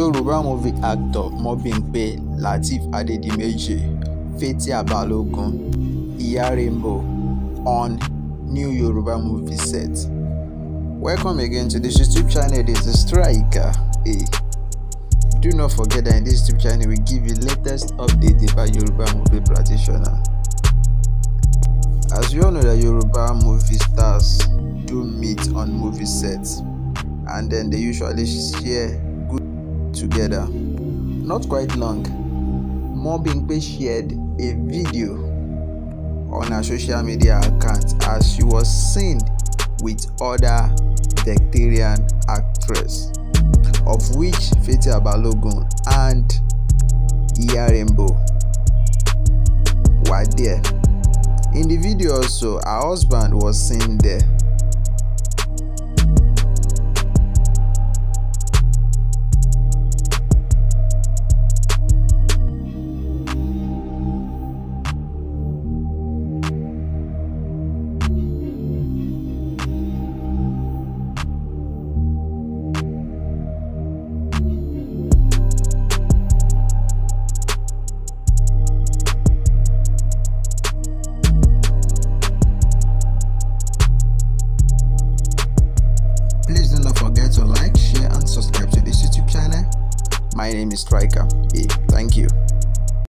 Yorùbá movie actor Mobimpe Lateef Adédìméjì Fatia Balogun Iya Rainbow on new Yorùbá movie set. Welcome again to this YouTube channel. This is Striker. Hey. Do not forget that in this YouTube channel we give you latest update about Yorùbá movie practitioner. As you all know that Yorùbá movie stars do meet on movie sets and then they usually share together. Not quite long, Mobimpe shared a video on her social media account as she was seen with other Victorian actress, of which Fete Balogun and Iyarembo were there. In the video also, her husband was seen there. My name is Striker. Hey, thank you.